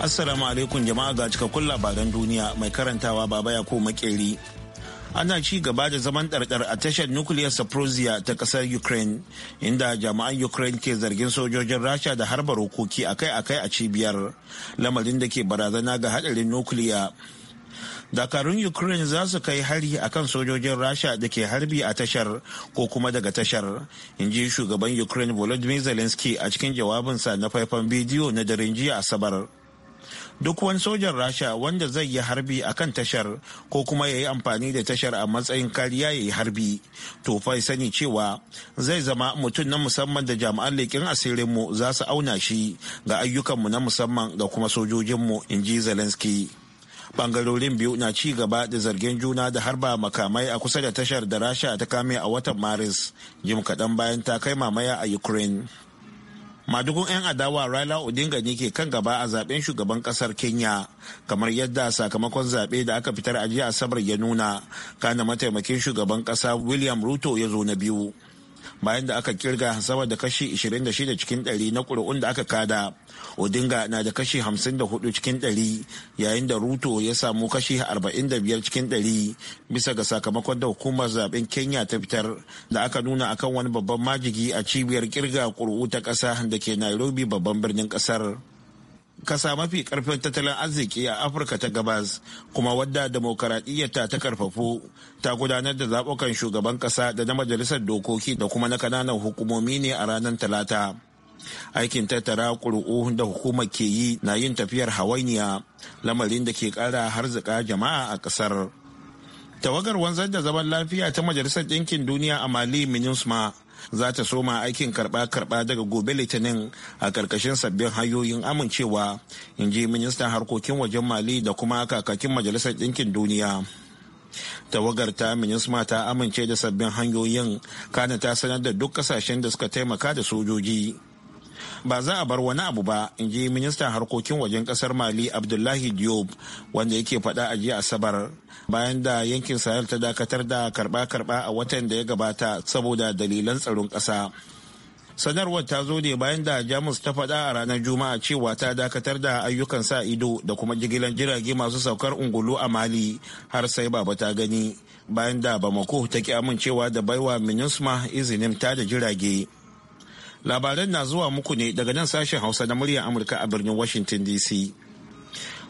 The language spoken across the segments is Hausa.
Assalamu alaikum jama'a ga cikakkun labaran duniya mai karantawa baba ya ko makeri. Ana ci gaba da zaman ɗarɗar a tashar nukiliyar Saprosia ta ƙasar Ukraine, inda jama'an Ukraine ke zargin sojojin Rasha da harba rokoki akai-akai a cibiyar, lamarin da ke barazana ga haɗarin nukiliya. Dakarun Ukraine za su kai hari a kan sojojin Rasha da ke harbi a tashar ko kuma daga tashar, in ji shugaban Ukraine Volodymyr Zelensky a cikin jawabinsa na faifan bidiyo na daren jiya Asabar. duk wani sojan rasha wanda zai yi harbi a kan tashar ko kuma ya yi amfani da tashar a matsayin kariya ya yi harbi to fai sani cewa zai zama mutum na musamman da jami'an leƙin asirinmu za su auna shi ga ayyukanmu na musamman ga kuma sojojinmu in ji zelensky bangarorin biyu na ci gaba da zargin juna da harba makamai a kusa da tashar da rasha ta kame a watan maris jim kaɗan bayan ta kai mamaya a ukraine madukun 'yan adawa raila odinga ne ke kan gaba a zaben shugaban kasar kenya kamar yadda sakamakon zaɓe da aka fitar a jiya asabar ya nuna kana mataimakin shugaban ƙasa william ruto ya zo na biyu bayan da aka kirga sama da kashi 26 cikin 100 na kuri'un da aka kada odinga na da kashi 54 cikin 100 yayin da ruto ya samu kashi 45 cikin 100 bisa ga sakamakon da hukumar zaben kenya ta fitar da aka nuna akan wani babban majigi a cibiyar kirga ƙuri'u ta ƙasa da ke nairobi babban birnin ƙasar kasa mafi karfin tattalin arziki a afirka ta gabas kuma wadda demokaradiyyarta ta ta karfafu ta gudanar da zaɓukan shugaban kasa da na majalisar dokoki da kuma na kananan hukumomi ne a ranar talata aikin tattara ƙuri'u da hukumar ke yi na yin tafiyar hawainiya lamarin da ke ƙara harzika jama'a a ƙasar tawagar wanzar da zaman lafiya ta majalisar ɗinkin duniya a mali minusma za ta soma aikin karba-karba daga gobe litinin a karkashin sabbin hanyoyin amincewa in ji ministan harkokin wajen mali da kuma kakakin majalisar ɗinkin duniya tawagar ta minisma ta amince da sabbin hanyoyin kana ta sanar da duk kasashen da suka taimaka da sojoji ba za a bar wani abu ba in ji ministan harkokin wajen kasar mali abdullahi diop wanda yake faɗa a jiya asabar bayan da yankin sahel ta dakatar da karba-karba a watan da ya gabata saboda dalilan tsaron ƙasa sanarwar ta zo ne bayan da jamus ta faɗa a ranar juma'a cewa ta dakatar da ayyukan sa ido da kuma jigilan jirage masu saukar ungulu a mali har sai baba ta gani bayan da bamako ta ki amincewa da baiwa minisma izinin ta da jirage labaran na zuwa muku ne daga nan sashen hausa na muryar amurka a birnin washington dc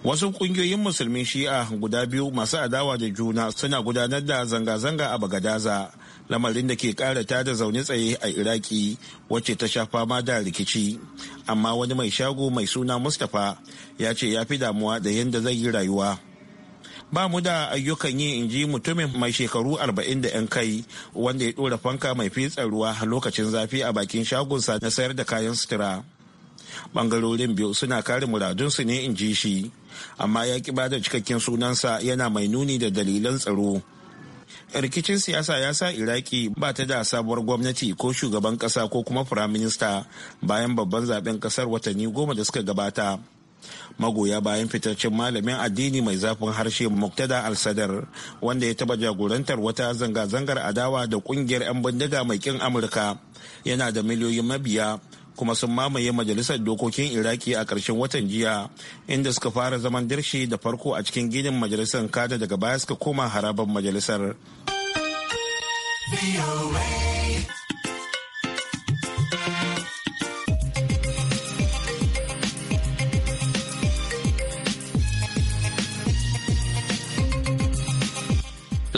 wasu kungiyoyin musulmin shi'a guda biyu masu adawa da juna suna gudanar da zanga-zanga a bagadaza lamarin da ke kara da zaune tsaye a iraki wacce ta sha fama da rikici amma wani mai shago mai suna mustapha ya ce ya fi damuwa da yadda zai yi rayuwa ba mu da ayyukan yi in ji mutumin mai shekaru arba'in da 'yan kai wanda ya ɗora fanka mai fitsar ruwa lokacin zafi a bakin shagonsa na sayar da kayan sutura bangarorin biyu suna kare muradunsu ne in ji shi amma ya ki bada cikakken sunansa yana mai nuni da dalilan tsaro rikicin siyasa ya sa iraki ba ta da sabuwar gwamnati ko shugaban kasa ko kuma firaminista bayan babban zaben kasar watanni goma da suka gabata magoya bayan fitaccen malamin addini mai zafin harshe muktada al-sadar wanda ya taba jagorantar wata zanga-zangar adawa da kungiyar 'yan bindiga mai kin amurka yana da miliyoyin mabiya kuma sun mamaye majalisar dokokin iraki a ƙarshen watan jiya inda suka fara zaman dirshi da farko a cikin ginin majalisar kada daga baya suka koma harabar majalisar.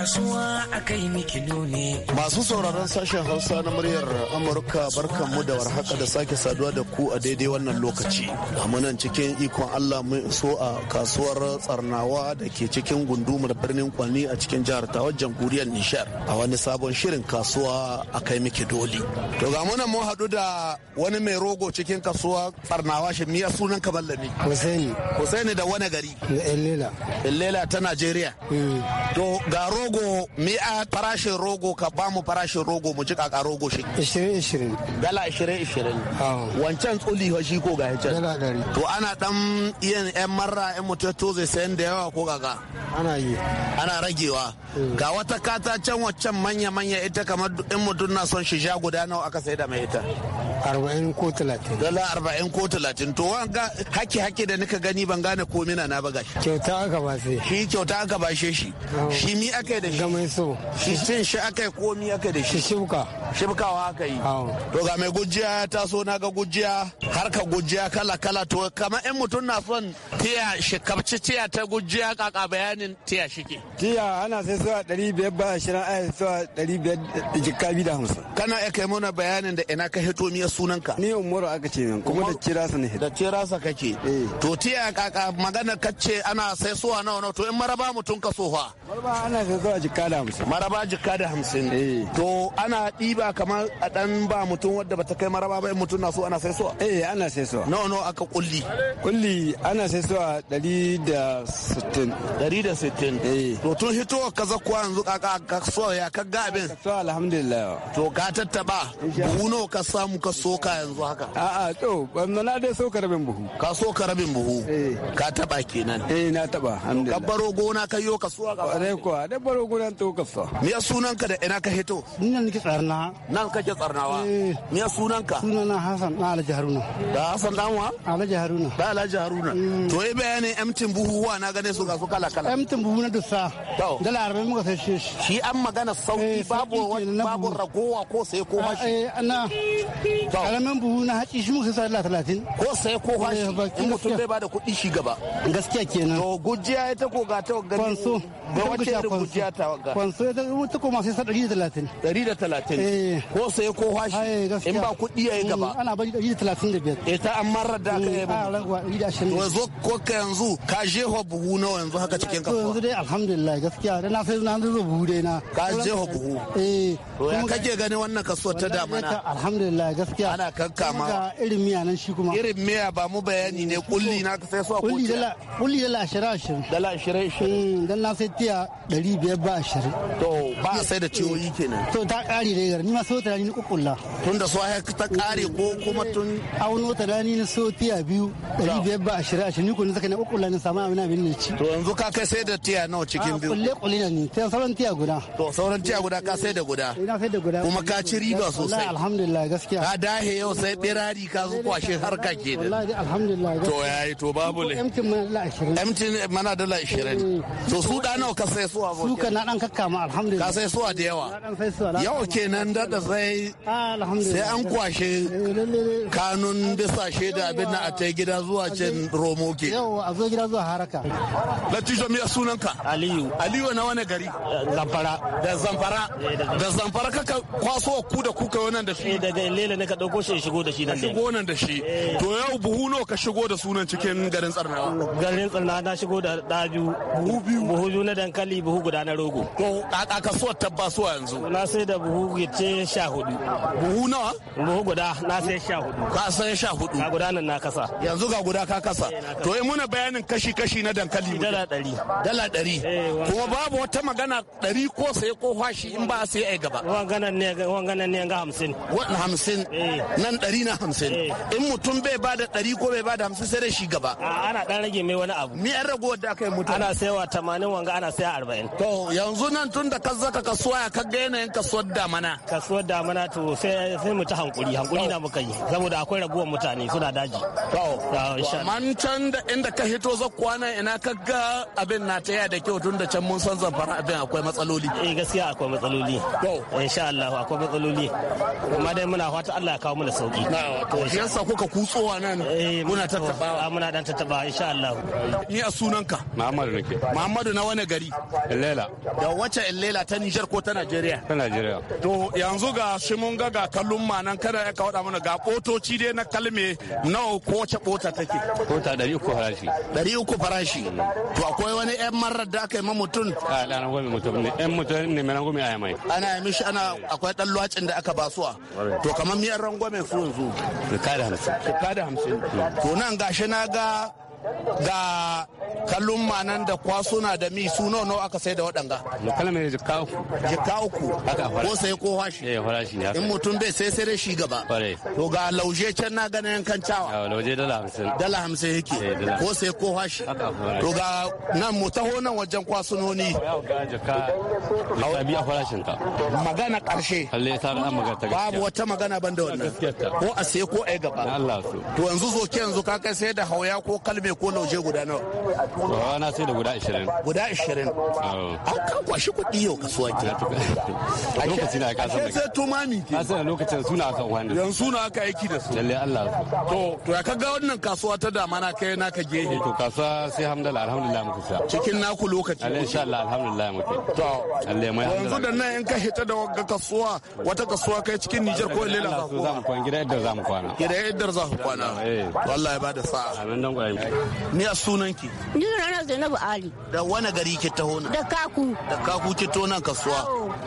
kasuwa kai miki nuni. Masu sauraron sashen Hausa na muryar Amurka barkanmu da warhaka da sake saduwa da ku a daidai wannan lokaci. Munan cikin ikon Allah mun so a kasuwar tsarnawa da ke cikin gundumar birnin Kwani a cikin jihar Tawar jamhuriyar Nishar a wani sabon shirin kasuwa kai miki doli. To ga munan mun haɗu da wani mai rogo cikin kasuwa tsarnawa shi miya sunan ka ballami. Hussaini. Hussaini da wani gari? Da Ellela. Illela ta Najeriya. Mm. To ga rogo rogo me a farashin rogo ka ba mu farashin rogo mu ji kaka rogo shi. Ishirin ishirin. Dala ishirin ishirin. Wancan tsuli fa shi ko ga can. Dala dari. To ana dan iya yan marra yan mutatto zai sayan da yawa ko kaka. Ana yi. Ana ragewa. Mm. Ga wata kata can wancan manya manya ita kamar in mutum na son shi ja guda nawa aka sai da mai ita. arba'in ko talatin. Dala arba'in ko talatin to wanga haki haki da nika gani ban gane ko mina na baga shi. Kyauta aka ba sai. Shi kyauta aka ba shi. Shi oh. Shi mi aka yi da shi. mai so. Shi cin shi aka yi ko mi aka yi da shi. Shi shibka. Shibkawa aka yi. Oh. To ga mai gujiya ta so na ga gujiya ka gujiya kala kala to kamar in mutum na son tiya shi kabci tiya ta gujiya kaka bayanin tiya ke. Tiya ana sai zuwa ɗari biyar ba ashirin a zuwa ɗari biyar jikka da hamsin. Kana iya kai mana bayanin da ina ka hito miya sunanka ni umaru aka ce min kuma da cira sa ne da cira sa kake eh. to tiya kaka magana kace ana sai suwa nawa nawa to in maraba mutun ka sofa maraba ana ga zuwa jikka da 50 maraba jikka da 50 eh. to ana diba kamar a dan ba mutun wanda bata kai maraba ba mutun na so ana sai suwa eh ana sai suwa nawa nawa aka kulli kulli ana sai suwa 160 160 eh to tun hito kaza kuwa yanzu kaka ka so ya kaga abin so alhamdulillah to ka tattaba buno ka samu ka soka yanzu haka a'a to na na dai soka rabin buhu ka soka rabin buhu eh. ka taba kenan eh na taba alhamdulillah kabbaro gona kai yo kasuwa ga bare ko da baro gona to kasuwa me sunan ka da ina ka hito nan nake tsarna nan kake tsarnawa eh. me sunan ka sunana Hassan da Alhaji Haruna da Hassan dan wa Alhaji Haruna da Alhaji Haruna mm. to eh ne emtin buhu wa na gane su ga su kala kala emtin buhu na dusa to da larabe muka sai shi shi an magana sauki eh, babu babu ragowa ko sai ko mashi ah, karamin buhu na haci shi muka sarla talatin ko sai ko kwashi eh, in mutum bai bada kuɗi shi gaba gaskiya kenan to gujiya ita ko ga ta wagga kwanso ga wacce da gujiya ta wagga kwanso ita ko masu sa ɗari da talatin ɗari da talatin eh. ko sai ko hashi eh, in ba kuɗi yayi yi gaba mm, ana bari ɗari da talatin da biyar ita an marar mm, da aka yi To zo ko ka yanzu ka jefa buhu nawa yanzu haka cikin kafa yanzu dai alhamdulillah gaskiya da na sai na zo buhu dai na ka jefa buhu eh to ya kake gani wannan kaso ta damana alhamdulillah gaskiya gaskiya ana kankama ga irin miya nan shi kuma irin miya ba mu bayani ne kulli na ka sai su a kulli dala kulli dala 20 20 dala 20 hmm, dan na sai tiya 500 ba 20 to ba sai da ciyoyi kenan to ta kare da gar ni ma so ta ni kukulla tun da so ta kare ko kuma tun auno ta da ni so tiya biyu 500 ba 20 ni ko ne saka ne kukulla ni sama abin bin ne ci to yanzu ka kai sai da tiya nawa cikin biyu kulli kulli na ni sai sauran tiya guda to sauran tiya guda ka sai da guda ina eh, sai da guda kuma ka ci riba sosai alhamdulillah gaskiya shahe yau sai birari ka zo kwashe harka ke da to ya yi to babu ne emtin mana dala ashirin eh. to su da nawa ka sai suwa su ka na dan kakkama alhamdulillah ka sai suwa da yawa yau kenan da da sai ah, sai an kwashe eh, kanun bisa shaida abin na a ta gida zuwa can romo ke yau a zo gida zuwa haraka latijo mi sunanka aliyu aliyu na wani gari zamfara eh, da zamfara da zamfara kaka kwaso ku da kuka wannan da shi daga lele ne ka dauko shi shigo da shi nan shigo nan da shi to yau buhu nawa ka shigo da sunan cikin garin tsarnawa garin tsarnawa na shigo da da biyu buhu biyu buhu biyu na dankali buhu guda na rogo to a kasuwar tabbasuwa yanzu na sai da buhu ce sha hudu buhu nawa buhu guda na sai sha hudu ka sai sha hudu ga guda nan na kasa yanzu ga guda ka kasa eh, to yi muna bayanin kashi kashi na dankali dala ɗari dala ɗari eh, kuma babu wata magana ɗari ko sai ko fashi in ba sai ai gaba wanganan ne wanganan ne ga hamsin wannan hamsin eh, nan ɗari na hamsin eh. in mutum bai ba da ɗari ko bai ba da hamsin sai da shi gaba ana ɗan rage mai wani abu mi an rago da aka yi mutum ana sayawa tamanin wanga ana saya arba'in to yanzu nan tun da ka zaka kasuwa ya ka ga yanayin kasuwar damana kasuwar damana to sai sai mu ta hankuri hankuri na muka yi saboda akwai ragowar mutane suna daji to man can da inda ka hito zakkuwa kwana ina ka ga abin na ta da kyau tun da can mun san zamfara abin akwai matsaloli eh gaskiya akwai matsaloli to insha Allah akwai matsaloli amma dai muna fata Allah kawo mana sauki to shi yasa kuka kutsowa nan eh, muna tattabawa ah, muna dan tattaba insha Allah ni a sunanka Muhammadu nake Muhammadu na wani gari Ilela. da wacce Ilela ta Niger ko ta Nigeria. ta Nigeria. to yanzu ga shi mun ga ga kallon ma nan kada ya kawo mana ga kotoci dai na kalme nawa ko wace kota take kota 300 farashi 300 farashi mm. to akwai wani yan marar da aka yi ma mutum a ɗan gomi mutum ne yan mutum ne mai gomi a yamai ana yi mishi ana akwai dan lwacin da aka basuwa to kamar miyar rangwame furunzu. Jika da hamsin. Jika da hamsin. To nan gashi na ga da kallon manan da kwasuna da mi su nono aka sai da waɗanga lokal mai jikka uku Jika uku ko sai ko hashi. eh farashi ya. in mutum bai sai sai shi gaba to ga lauje can na ganin yankan cawa lauje dala hamsin. dala hamsin yake eh, ko sai ko hashi. to ga nan mu taho nan wajen kwasunoni a farashin ka magana gaskiya. babu wata magana banda wannan ko a sai ko ai gaba to yanzu zo ke yanzu ka kai sai da hauya ko kalmi mai ko lauje guda nawa rawa na sai da guda 20 guda 20 an kan kwashi kuɗi yau kasuwa ke lokaci na ka san sai tumami ke san lokacin suna aka wani yan suna aka aiki da su lalle Allah to to ya kaga wannan kasuwa ta da na kai ka gehe eh, to kasuwa sai alhamdulillah alhamdulillah muku sa cikin naku lokaci insha Allah alhamdulillah muke to lalle mai yanzu da nan in ka hita da wagga kasuwa wata kasuwa kai cikin Niger ko lela za ku kwana gida yadda za mu kwana gida yadda za ku kwana wallahi eh. ba da sa'a amin dan gwaye. Ni a sunanki? Ni sunana Zainabu Ali. Da wani gari ke taho na? Da kaku. Da kaku ke to nan kasuwa.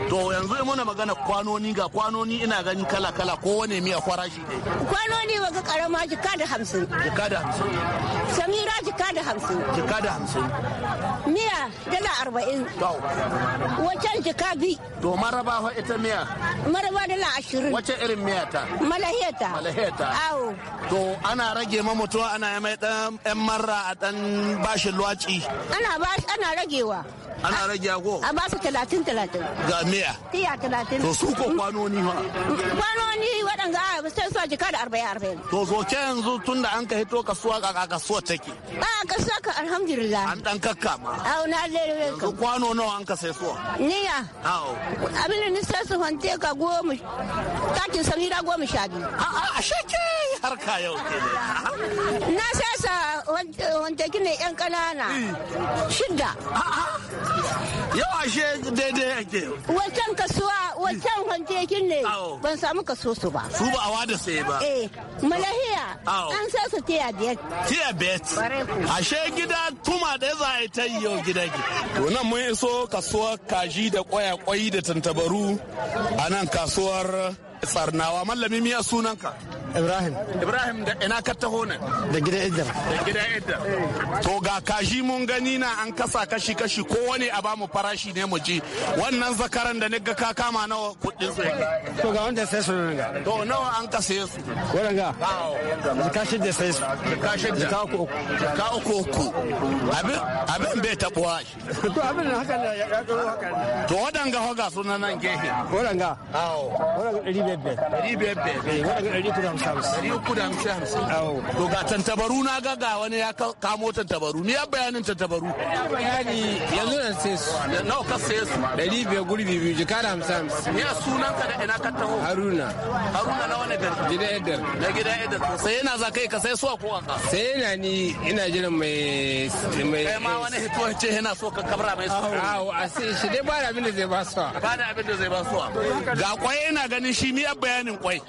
To yanzu yi muna magana kwanoni ga kwanoni ina ganin kala kala ko wane miya farashi ne. Kwanoni wa ga karama jika da hamsin. Jika da hamsin. Samira jika da hamsin. Jika da hamsin. Miya dala arba'in. To. Wacan jika bi. To maraba fa ita miya? Maraba dala ashirin. Wace irin miya ta? Malahiyata. Malahiyata. Awo. To ana rage ma mutuwa ana yi mai ɗan marra a dan bashi luwaci ana ba ana ragewa ana rage ko a ba su talatin talatin ga miya tiya talatin to su ko kwanoni ma kwanoni waɗanda a sai su jika da arba'in arba'in to zo ke yanzu tun da an ka hito kasuwa ka kasuwa take a kasuwa ka alhamdulillah an dan kakka ma Au na lere ka kwano nawa an ka sai suwa niya Au. abin da ni sai su hante ka goma takin samira goma sha biyu a a shake harka yau ke na sai sa wanda ne yan ƙanana eh. shida yau ashe daidai yake. wancan kasuwa wancan wantekin ne ban samu kaso su ba su ba a wada sai ba eh malahiya an sa su tiya biyar tiya biyar ashe gida tuma da za a yi ta yi yau gida to nan mun iso kasuwar kaji da kwaya kwai da tantabaru a nan kasuwar Tsarnawa mallami miya sunanka. Ibrahim. Ibrahim da ina ka taho ne? Da gidan Idda. Da gidan Idda. To ga kaji mun gani na an kasa kashi kashi ko wani a bamu farashi ne mu ji. Wannan zakaran da niga ka kama nawa kudin su To ga wanda sai su ga. To nawa an kasa su. Wadanga. Jika da sai su. Jika shidda. Jika uku uku. Jika uku uku. Abin abin bai taɓuwa. To abin hakan ya ɗaɗo haka. To wadanga hoga sunan nan gehe. Wadanga. Wadanga ga tantabaru na ga ga wani ya kamo tantabaru ni ya bayanin tantabaru bayani yanzu su ka su hamsin hamsin ya sunan ka da ina ka haruna haruna na wani gida na gida sai za kai ka sai su a sai ni ina mai mai kai ma wani hito ce yana so ka kabra mai su ganin shi shi a bayanin kwai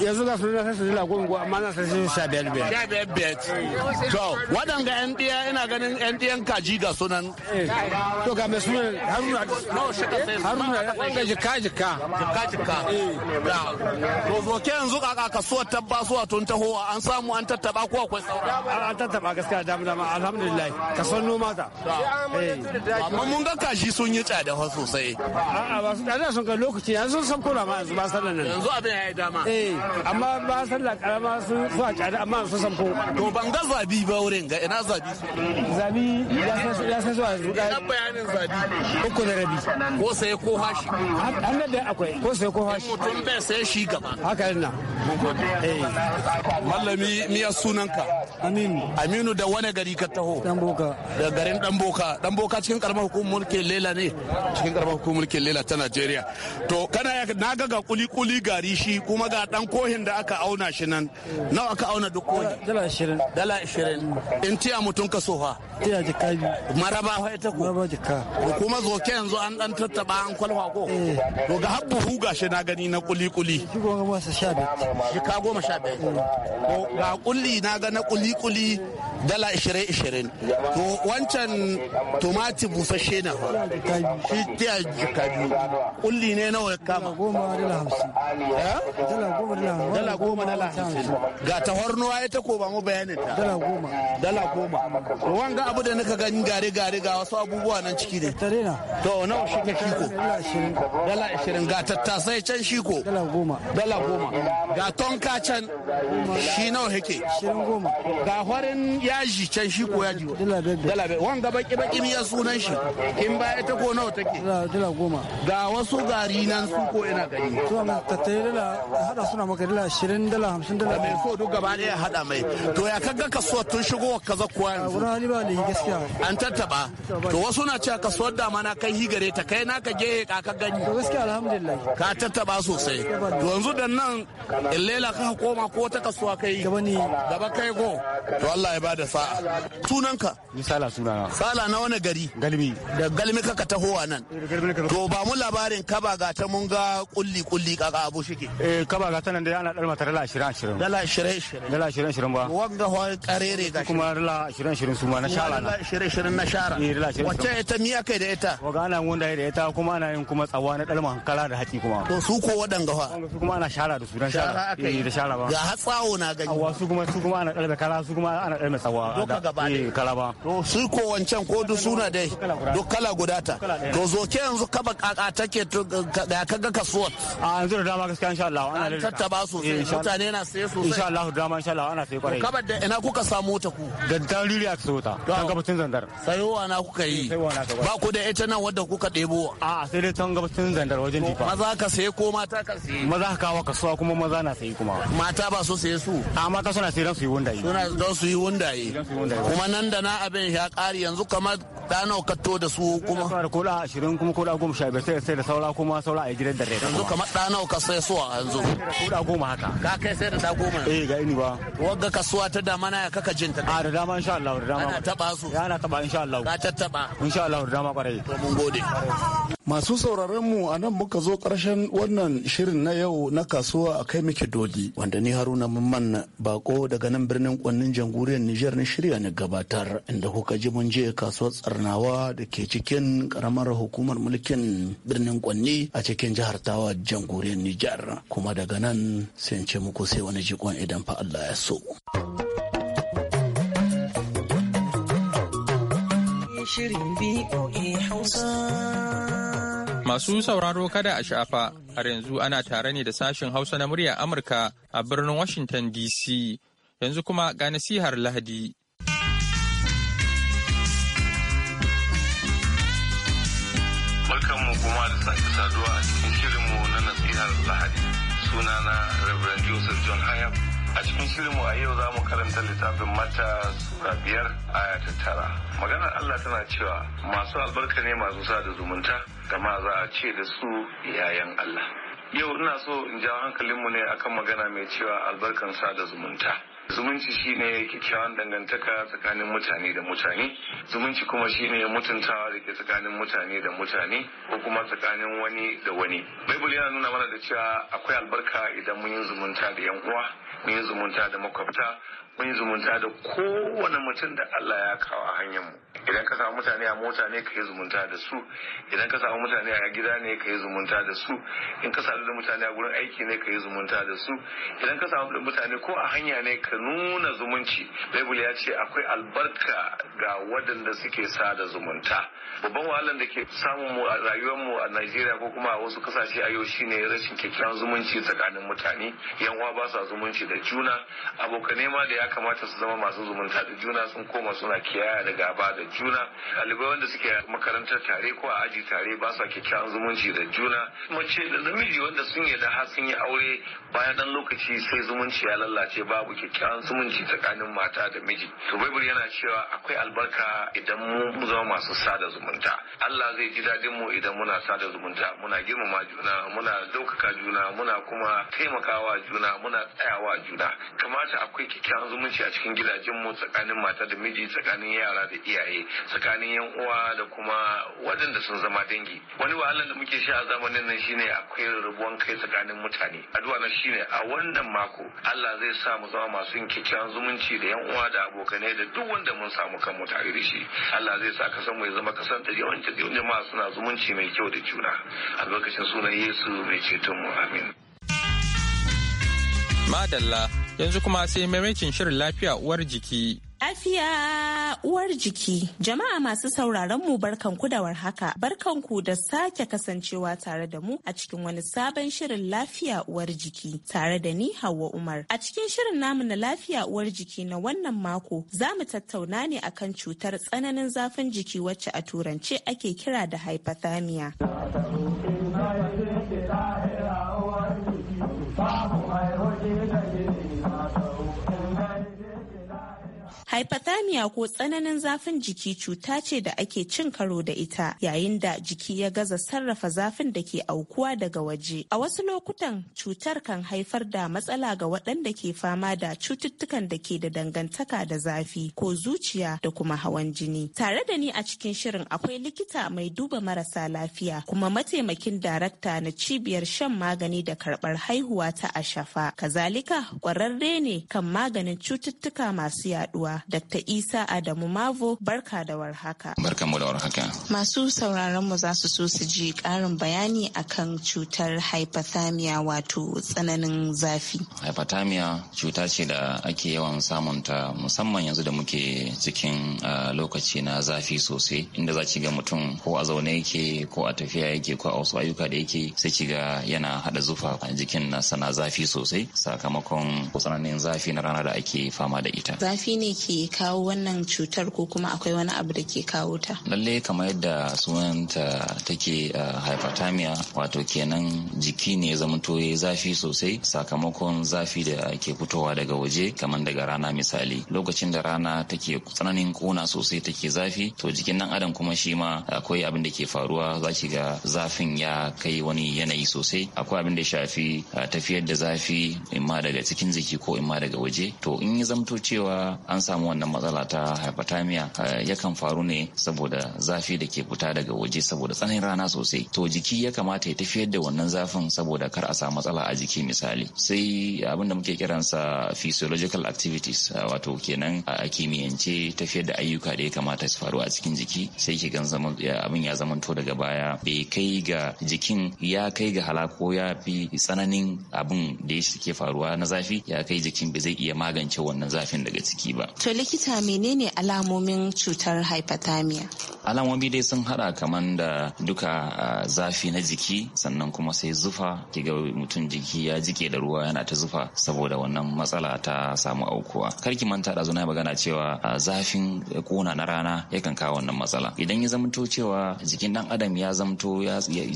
yanzu ga sun rasa lagun gungu amma na sun sha biyar biyar sha biyar biyar to waɗanga yan ɗiya ina ganin yan ɗiyan kaji ga sunan eh, to ga mai sunan haruna haruna ɗanga eh, jika jika jika jika eh. to zoke yanzu kaka kasuwar tabbasuwa tun tahowa an samu an tattaba ko akwai sauran. an tattaba gaskiya dama dama alhamdulillah kasuwar noma ta amma mun ga kaji sun yi tsada sosai a'a ba su tsada sun ga lokaci yanzu sun kusan kola ma yanzu ba sallar nan yanzu abin ya yi dama eh amma ba da karama su su a tsada amma su san ko to ban ga zabi ba wurin ga ina zabi zabi ya san ya san su a zuwa ina bayanin zabi uku da rabi ko sai ko hashi an da da akwai ko sai ko hashi mutum bai sai shi gaba haka nan eh mallami sunan sunanka aminu aminu da wani gari ka taho danboka da garin danboka danboka cikin karamar hukumar mulkin lela ne cikin karamar hukumar mulkin lela ta Najeriya to kana ya na ga ga kuli-kuli gari shi kuma ga dan kohin da aka auna shi nan nawa aka auna duk kohin dala ashirin dala ashirin in tiya mutum ka sofa tiya jika biyu maraba fa ita ko maraba jika kuma zoke yanzu an dan tattaba an kwalwa ko eh. to ga habbu huga shi na gani na kuli-kuli shi goma sha biyar shi ka goma sha biyar ga kulli na ga na kuli-kuli dala 20-20 to wancan tumati busasshe na shi tiya jika biyu kulli ne nawa ya kama eh? dala goma dala hamsin ga ta hornuwa ya ta ba mu bayanin ta dala goma dala goma to wanga abu da naka gani gare gare ga wasu abubuwa nan ciki ne to nawa shi ka shiko dala 20 ga tattasai can shiko dala goma dala goma ga tonka can shi nawa yake ga horin yaji can shi ko yaji dala wanga baki baki ya sunan shi in ba ita ko nawa take dala goma ga wasu gari nan su ko ina gari to amma tattare dala hada suna maka dala 20 dala 50 dala mai so duk gaba daya hada mai to ya kaga kasuwar tun shigo kaza kuwa yanzu wani ba ne gaskiya an tattaba to wasu na cewa kasuwar da na kai higare ta kai naka je ka ka gani to gaskiya alhamdulillah ka tattaba sosai to yanzu dan nan illela ka koma ko ta kasuwa kai gaba ne gaba kai go to Allah ya ba da sa'a sunanka ni sala sunana sala na wani gari galmi da galmi kaka taho a nan eh, to ba mu labarin kaba ga ta mun ga kulli kulli kaka abu shike eh kaba ga ta nan dai ana dalma ta dala 20 20 dala 20 20 dala 20 20 ba wanga ho karere ga kuma dala 20 20 su ma na shara na 20 20 na shara eh, wacce ita miya kai da ita waga ana wanda da ita kuma ana yin kuma tsawa na dalma hankala da haki kuma to su ko waɗanga fa su kuma ana shara da su dan shara eh da shara ba ga hatsawo na gani su kuma su kuma ana dalma kala su kuma ana dalma tsawa duka gaba ne eh, karaba to su ko wancan ko duk suna dai duk kala guda ta to zo ke yanzu kaba kaka take to da kaga kasuwar a yanzu da dama gaskiya insha Allah ana tattaba eh, su mutane na sai su insha Allah dama insha Allah ana sai kwarai kabar da ina kuka samu ta ku da tariri a sayo ta kan gabacin zandar sai wa na kuka yi eh, ba ku da ita nan wadda kuka debo a sai dai can gabacin zandar wajen difa maza ka sai ko mata ka sai maza ka kawo kasuwa kuma maza na saye kuma mata ba so sai su amma ka suna sai don su yi yi suna don su yi wundayi yi kuma nan da na abin ya ƙari yanzu kamar dano nawa ka to da su kuma da kola 20 kuma 10 15 sai sai da saura kuma saura a gidan da rai yanzu kamar dano ka sai suwa yanzu kola goma haka ka kai sai da da goma eh ga ini ba wagga kasuwa ta da mana ya kaka jinta a da dama insha Allah da dama ana taba su ya ana taba insha Allah ka tattaba insha Allah da dama kwarai to mun gode masu sauraron mu a nan muka zo karshen wannan shirin na yau na kasuwa a kai miki dodi wanda ni haruna mamman bako daga nan birnin kwannin jamhuriyar Nijar na shirya na gabatar inda kuka ji mun je kasuwar barnawa da ke cikin karamar hukumar mulkin birnin kwanni a cikin jihar tawa jamhuriyar nijar kuma daga nan sai ce muku sai wani jikon idan fa allah ya so Masu sauraro kada a shafa, har yanzu ana tare ne da sashen Hausa na murya Amurka a birnin Washington DC, yanzu kuma ga nasihar Lahadi. sake saduwa a cikin shirinmu na nasihar lahadi suna na reverend joseph john hayab a cikin shirinmu a yau za mu karanta littafin mata sura biyar aya ta tara maganar allah tana cewa masu albarka ne masu sa da zumunta gama za a ce da su yayan allah yau ina so in jawo hankalinmu ne akan magana mai cewa albarkan sada zumunta zumunci shi shine kyakkyawan dangantaka tsakanin mutane da mutane zumunci kuma shi ne mutuntawa da ke tsakanin mutane da mutane ko kuma tsakanin wani da wani bible yana nuna mana da cewa akwai albarka idan mun yi zumunta da yan uwa mun yi zumunta da makwabta mun yi zumunta da kowane mutum da Allah ya kawo a hanyar mu idan ka samu mutane a mota ne ka yi zumunta da su idan ka samu mutane a gida ne ka yi zumunta da su in ka samu mutane a gurin aiki ne ka yi zumunta da su idan ka samu mutane ko a hanya ne ka nuna zumunci bible ya ce akwai albarka ga waɗanda suke da zumunta babban wahalar da ke samun mu a rayuwar mu a Najeriya ko kuma a wasu kasashe a yau shine rashin kyakkyawan zumunci tsakanin mutane yan ba sa zumunci da juna abokanai ma da ya kamata su zama masu zumunta da juna sun koma suna kiyaya da gaba da juna juna ɗalibai wanda suke makarantar tare ko a aji tare ba sa kyakkyawan zumunci da juna mace da namiji wanda sun yi ha sun yi aure bayan dan lokaci sai zumunci ya lallace babu kyakkyawan zumunci tsakanin mata da miji to baibul yana cewa akwai albarka idan mu zama masu sada zumunta Allah zai ji dadin mu idan muna sada zumunta muna girmama juna muna ɗaukaka juna muna kuma taimakawa juna muna tsayawa juna kamata akwai kyakkyawan zumunci a cikin gidajen mu tsakanin mata da miji tsakanin yara da iyaye tsakanin yan uwa da kuma waɗanda sun zama dangi wani wahalar da muke sha a zamanin nan shine akwai rabuwan kai tsakanin mutane addu'a na shine a wannan mako Allah zai sa mu zama masu kyakkyawan zumunci da yan uwa da abokanai da duk wanda mun samu kanmu tare da shi Allah zai sa kasan mu ya zama kasan da yawancin jama'a suna zumunci mai kyau da juna a lokacin sunan Yesu mai ceton mu amin madalla yanzu kuma sai maimakin shirin lafiya uwar jiki Lafiya uwar jiki. Jama'a masu sauraron mu barkanku da warhaka. Barkanku da sake kasancewa tare da mu a cikin wani sabon shirin lafiya uwar jiki tare da ni Hauwa Umar. A cikin shirin namu na lafiya uwar jiki na wannan mako za mu tattauna ne akan cutar tsananin zafin jiki wacce a turance ake kira da hypothermia. Hypothermia ko tsananin zafin jiki cuta ce da ake cin karo da ita yayin da jiki ya gaza sarrafa zafin da ke aukuwa daga waje. A wasu lokutan cutar kan haifar da matsala ga waɗanda ke fama da cututtukan da ke da dangantaka da zafi ko zuciya da kuma hawan jini. Tare da ni a cikin shirin akwai likita mai duba marasa lafiya kuma mataimakin darakta na cibiyar shan magani da karɓar haihuwa ta Ashafa. Kazalika ƙwararre ne kan maganin cututtuka masu yaduwa. Dr. Isa Adamu Mavo barka da warhaka. Barka mu da warhaka. Masu sauraron mu za su so su ji karin bayani akan cutar hypothermia wato tsananin zafi. Hypothermia cuta ce da ake yawan samun ta musamman yanzu da muke cikin lokaci na zafi sosai inda za ci ga mutum ko a zaune yake ko a tafiya yake ko a wasu ayyuka da yake sai ci ga yana hada zufa a jikin nasa na zafi sosai sakamakon tsananin zafi na rana da ake fama da ita. Zafi ne ke ke kawo wannan cutar ko kuma akwai wani abu da ke kawo ta lalle kamar yadda sunanta take uh, hypothermia wato kenan jiki ne ya zamanto ya zafi sosai sakamakon zafi da ke fitowa daga waje kamar daga rana misali lokacin da rana take tsananin kona sosai take zafi to jikin nan adam kuma shi ma akwai abin da ke faruwa za ki ga zafin ya kai wani yanayi sosai akwai abin da shafi uh, tafiyar da zafi imma daga cikin jiki ko imma daga waje to in ya zamto cewa an samu samu wannan matsala ta hypothermia eh, yakan faru ne saboda zafi da ke fita daga waje saboda tsananin rana sosai to jiki ya kamata ya tafiyar da wannan zafin saboda kar a samu matsala a jiki misali sai abin da muke kiransa physiological activities eh, wato kenan a kimiyyance tafiyar da ayyuka da ya kamata su faru a cikin jiki sai ke gan abin ya zamanto daga baya bai kai ga jikin ya kai ga halako ya fi tsananin abin da ya ke faruwa na zafi ya kai jikin bai zai iya magance wannan zafin daga ciki ba To likita menene alamomin cutar hypothermia? alamomi dai sun hada kamar da duka zafi na jiki sannan kuma sai zufa ga mutum jiki ya jike da ruwa yana ta zufa saboda wannan matsala ta samu aukuwa karki manta da zuna magana cewa zafin kona na rana yakan kawo wannan matsala idan ya zamto cewa jikin dan adam ya zamto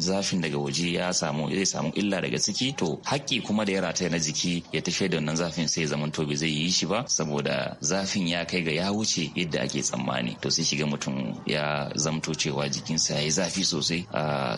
zafin daga waje ya samu zai samu illa daga ciki to haƙƙi kuma da ya rataya na jiki ya tafi da wannan zafin sai ya zamanto bai zai yi shi ba saboda zafin abin ya kai ga ya wuce yadda ake tsammani to sai shiga mutum ya zamto cewa jikinsa ya yi zafi sosai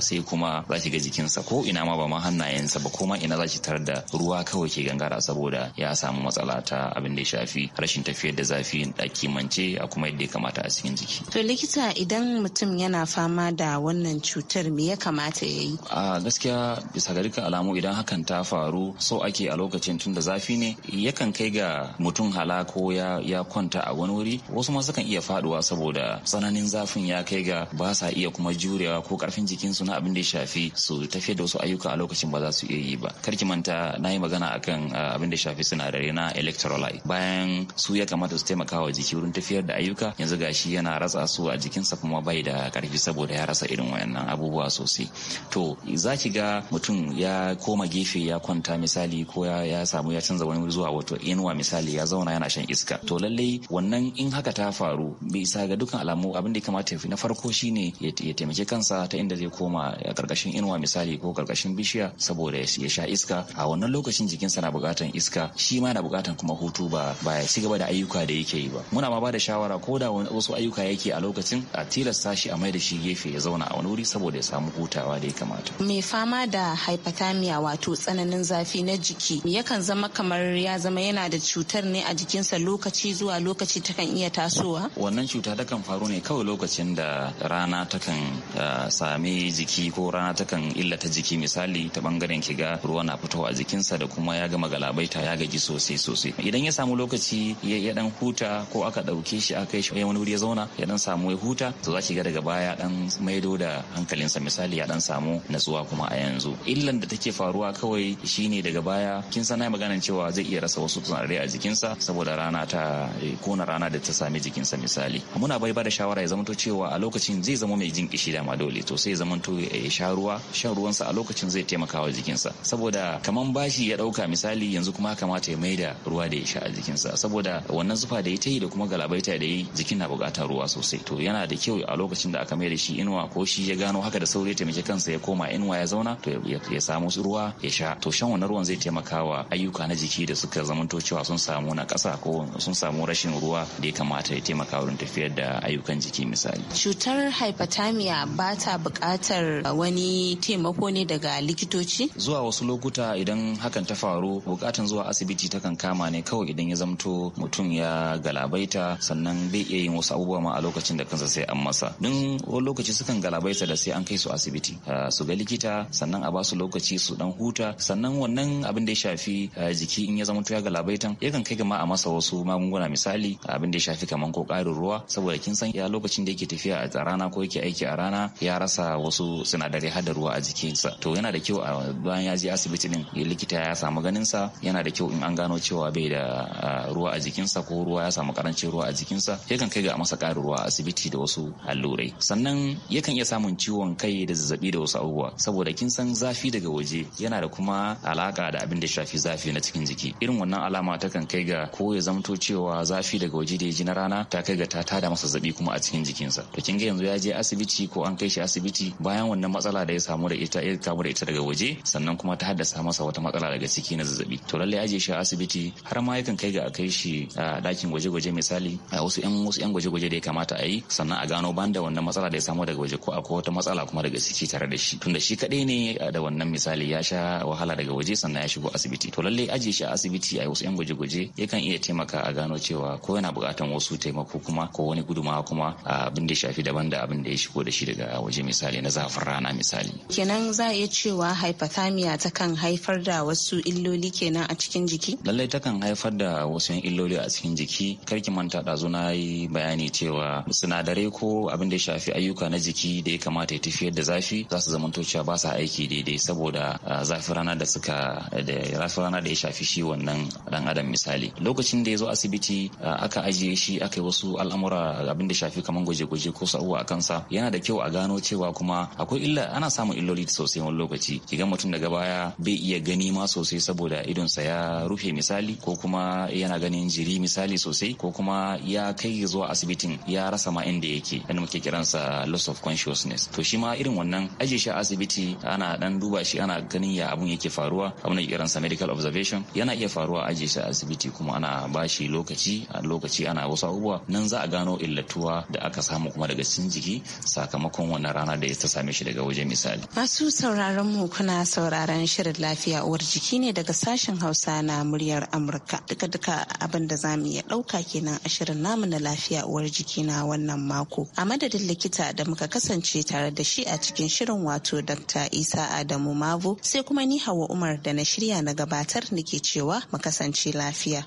sai kuma za shiga jikinsa ko ina ma ba ma hannayensa ba koma ina za shi tar da ruwa kawai ke gangara saboda ya samu matsala ta abin da ya shafi rashin tafiyar da zafi a kimance a kuma yadda ya kamata a cikin jiki. To likita idan mutum yana fama da wannan cutar me ya kamata ya yi? A gaskiya bisa ga dukkan alamu idan hakan ta faru so ake a lokacin tun da zafi ne yakan kai ga mutum hala ko ya kwanta a wani wuri wasu ma sukan iya faduwa saboda tsananin zafin ya kai ga ba sa iya kuma jurewa ko karfin jikinsu na abin da ya shafi su tafiyar da wasu ayyuka a lokacin ba za su iya yi ba kar ki manta na yi magana akan ah, abin da shafi da na electrolyte bayan su ya kamata su taimaka wa jiki wurin tafiyar da ayyuka yanzu gashi yana rasa su a jikinsa kuma bai da karfi saboda ya rasa irin wayannan abubuwa sosai to za ki ga mutum ya koma gefe ya kwanta misali ko ya samu ya canza wani zuwa wato inuwa misali ya zauna yana shan iska to lalle dai wannan in haka ta faru bisa ga dukkan alamu abin da ya kamata ya fi na farko shine ya taimaki kansa ta inda zai koma a karkashin inuwa misali ko karkashin bishiya saboda ya sha iska a wannan lokacin jikinsa na bukatan iska shi ma na bukatan kuma hutu ba ba ya ci gaba da ayyuka da yake yi ba muna ma ba da shawara ko da wasu ayyuka yake a lokacin a tilasta shi a mai da shi gefe ya zauna a wani wuri saboda ya samu hutawa da ya kamata mai fama da hypothermia wato tsananin zafi na jiki yakan zama kamar ya zama yana da cutar ne a jikinsa lokaci zuwa lokaci takan iya tasowa wannan cuta takan faru ne kawai lokacin da rana takan eh, sami jiki ko rana takan illata jiki misali ta bangaren kiga ruwa na fitowa a jikinsa da kuma ya gama galabaita ya gaji sosai sosai idan ya samu lokaci ya dan huta ko aka ɗauke shi aka shi wani wuri ya zauna ya dan samu ya huta to za ki ga daga baya dan maido da hankalinsa misali ya dan samu natsuwa kuma a yanzu illan da take faruwa kawai shine daga baya kin san na maganan cewa zai iya rasa wasu tunare a jikinsa saboda rana ta Eh, kona rana da ta sami jikinsa misali muna bai bada shawara ya zamanto cewa a lokacin zai zama mai jin kishi dama dole to sai ya zamanto ya eh, sha ruwa shan ruwansa a lokacin zai taimaka wa jikinsa saboda kaman bashi ya dauka misali yanzu kuma kamata ya maida ruwa da ya sha a jikinsa saboda wannan zufa da ya ta yi da kuma galabaita da ya yi jikin na bukatar ruwa sosai to yana da kyau a lokacin da aka maida shi inuwa ko shi ya gano haka da sauri ya taimaki kansa ya koma inuwa ya zauna to ya samu ruwa ya sha to shan wannan ruwan zai taimaka wa ayyuka na jiki da suka zamanto cewa sun samu na ƙasa ko sun samu samu rashin ruwa da ya kamata ya taimaka wurin tafiyar da ayyukan jiki misali. Cutar hypothermia ba ta buƙatar wani taimako ne daga likitoci? Zuwa wasu lokuta idan hakan ta faru buƙatan zuwa asibiti takan kama ne kawai idan ya zamto mutum ya galabaita sannan bai iya yin wasu abubuwa ma a lokacin da kansa sai an masa. Don wani lokaci sukan galabaita da sai an kai su asibiti su ga likita sannan a ba su lokaci su dan huta sannan wannan abin da ya shafi jiki in ya zamto ya galabaitan yakan kai ga ma a masa wasu magunguna misali abin da ya shafi kaman ko karin ruwa saboda kin san ya lokacin da yake tafiya a rana ko yake aiki a rana ya rasa wasu sinadarai hada ruwa a jikinsa to yana da kyau a bayan ya je asibiti din likita ya samu ganin sa yana da kyau in an gano cewa bai da ruwa a jikinsa ko ruwa ya samu karancin ruwa a jikinsa yakan kai ga masa karin ruwa a asibiti da wasu allurai sannan yakan iya samun ciwon kai da zazzabi da wasu abubuwa saboda kin san zafi daga waje yana da kuma alaka da abin da shafi zafi na cikin jiki irin wannan alama takan kai ga ko ya zamto cewa zafi daga waje da ya ji na rana ta kai ga ta tada masa zabi kuma a cikin jikinsa to kin ga yanzu ya je asibiti ko an kai shi asibiti bayan wannan matsala da ya samu da ita ya kamu da ita daga waje sannan kuma ta haddasa masa wata matsala daga ciki na zazzabi to lallai aje je shi asibiti har ma yakan kai ga a kai shi a dakin gwaje-gwaje misali a wasu yan wasu yan gwaje-gwaje da ya kamata a yi sannan a gano banda wannan matsala da ya samu daga waje ko akwai wata matsala kuma daga ciki tare da shi tunda shi kadai ne da wannan misali ya sha wahala daga waje sannan ya shigo asibiti to lallai aje shi asibiti a wasu yan gwaje-gwaje yakan iya taimaka a gano cewa cewa ko yana bukatan wasu taimako kuma ko wani gudumawa kuma abin da ya shafi daban da abin da ya shigo da shi daga waje misali na zafin rana misali. Kenan za a iya cewa hypothermia kan haifar da wasu illoli kenan a cikin jiki? Lallai ta kan haifar da wasu illoli a cikin jiki Kar ki manta ɗazu na yi bayani cewa sinadarai ko abin da ya shafi ayyuka na jiki da ya kamata ya tafiyar da zafi za su zamanto cewa ba sa aiki daidai saboda zafin rana da suka da rana da ya shafi shi wannan dan adam misali lokacin da ya zo asibiti aka ajiye shi aka yi wasu al'amura abin da shafi kamar gwaje-gwaje ko sa'uwa a kansa yana da kyau a gano cewa kuma akwai illa ana samun illoli sosai wani lokaci ga mutum daga baya bai iya gani ma sosai saboda sa ya rufe misali ko kuma yana ganin jiri misali sosai ko kuma ya kai zuwa asibitin ya rasa ma inda yake yadda muke kiransa loss of consciousness to shi ma irin wannan ajiye shi a asibiti ana dan duba shi ana ganin ya abun yake faruwa abin da kiransa medical observation yana iya faruwa ajiye shi a asibiti kuma ana bashi lokaci a lokaci ana wasu abubuwa nan za a gano illatuwa da aka samu kuma daga cikin jiki sakamakon wannan rana da ya ta same shi daga waje misali. Masu sauraron mu kuna sauraron shirin lafiya uwar jiki ne daga sashen Hausa na muryar Amurka. Duka duka abin da zamu iya ɗauka kenan a shirin namu na lafiya uwar jiki na wannan mako. A madadin likita da muka kasance tare da shi a cikin shirin wato Dr. Isa Adamu Mavu sai kuma ni Hawa Umar da na shirya na gabatar nake cewa mu kasance lafiya.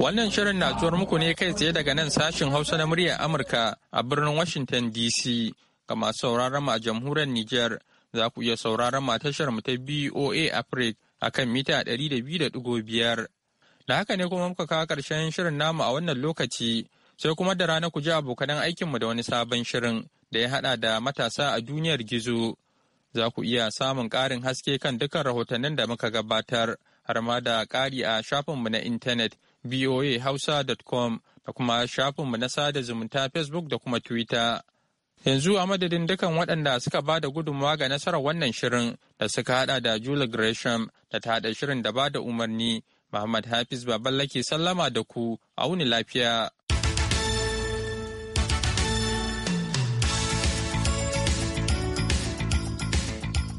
Wannan shirin na zuwar muku ne kai tsaye daga nan sashin Hausa na muryar Amurka a birnin Washington DC ga masu sauraron a jamhuriyar Nijar za ku iya sauraron ma tashar mu ta BOA Africa a kan mita 200.5. Da haka ne kuma muka kawo ƙarshen shirin namu a wannan lokaci sai kuma da rana ku ji abokanan aikinmu da wani sabon shirin da ya haɗa da matasa a duniyar gizo. Za ku iya samun ƙarin haske kan dukkan rahotannin da muka gabatar. har ma da ƙari a shafinmu na intanet voahausa.com da kuma shafinmu na sada zumunta facebook da kuma twitter. Yanzu a madadin dukan waɗanda suka ba da gudunmawa ga nasarar wannan shirin da suka haɗa da Julie Gresham da ta haɗa shirin da ba da umarni, Muhammad Hafiz Baballake sallama da ku, auni lafiya.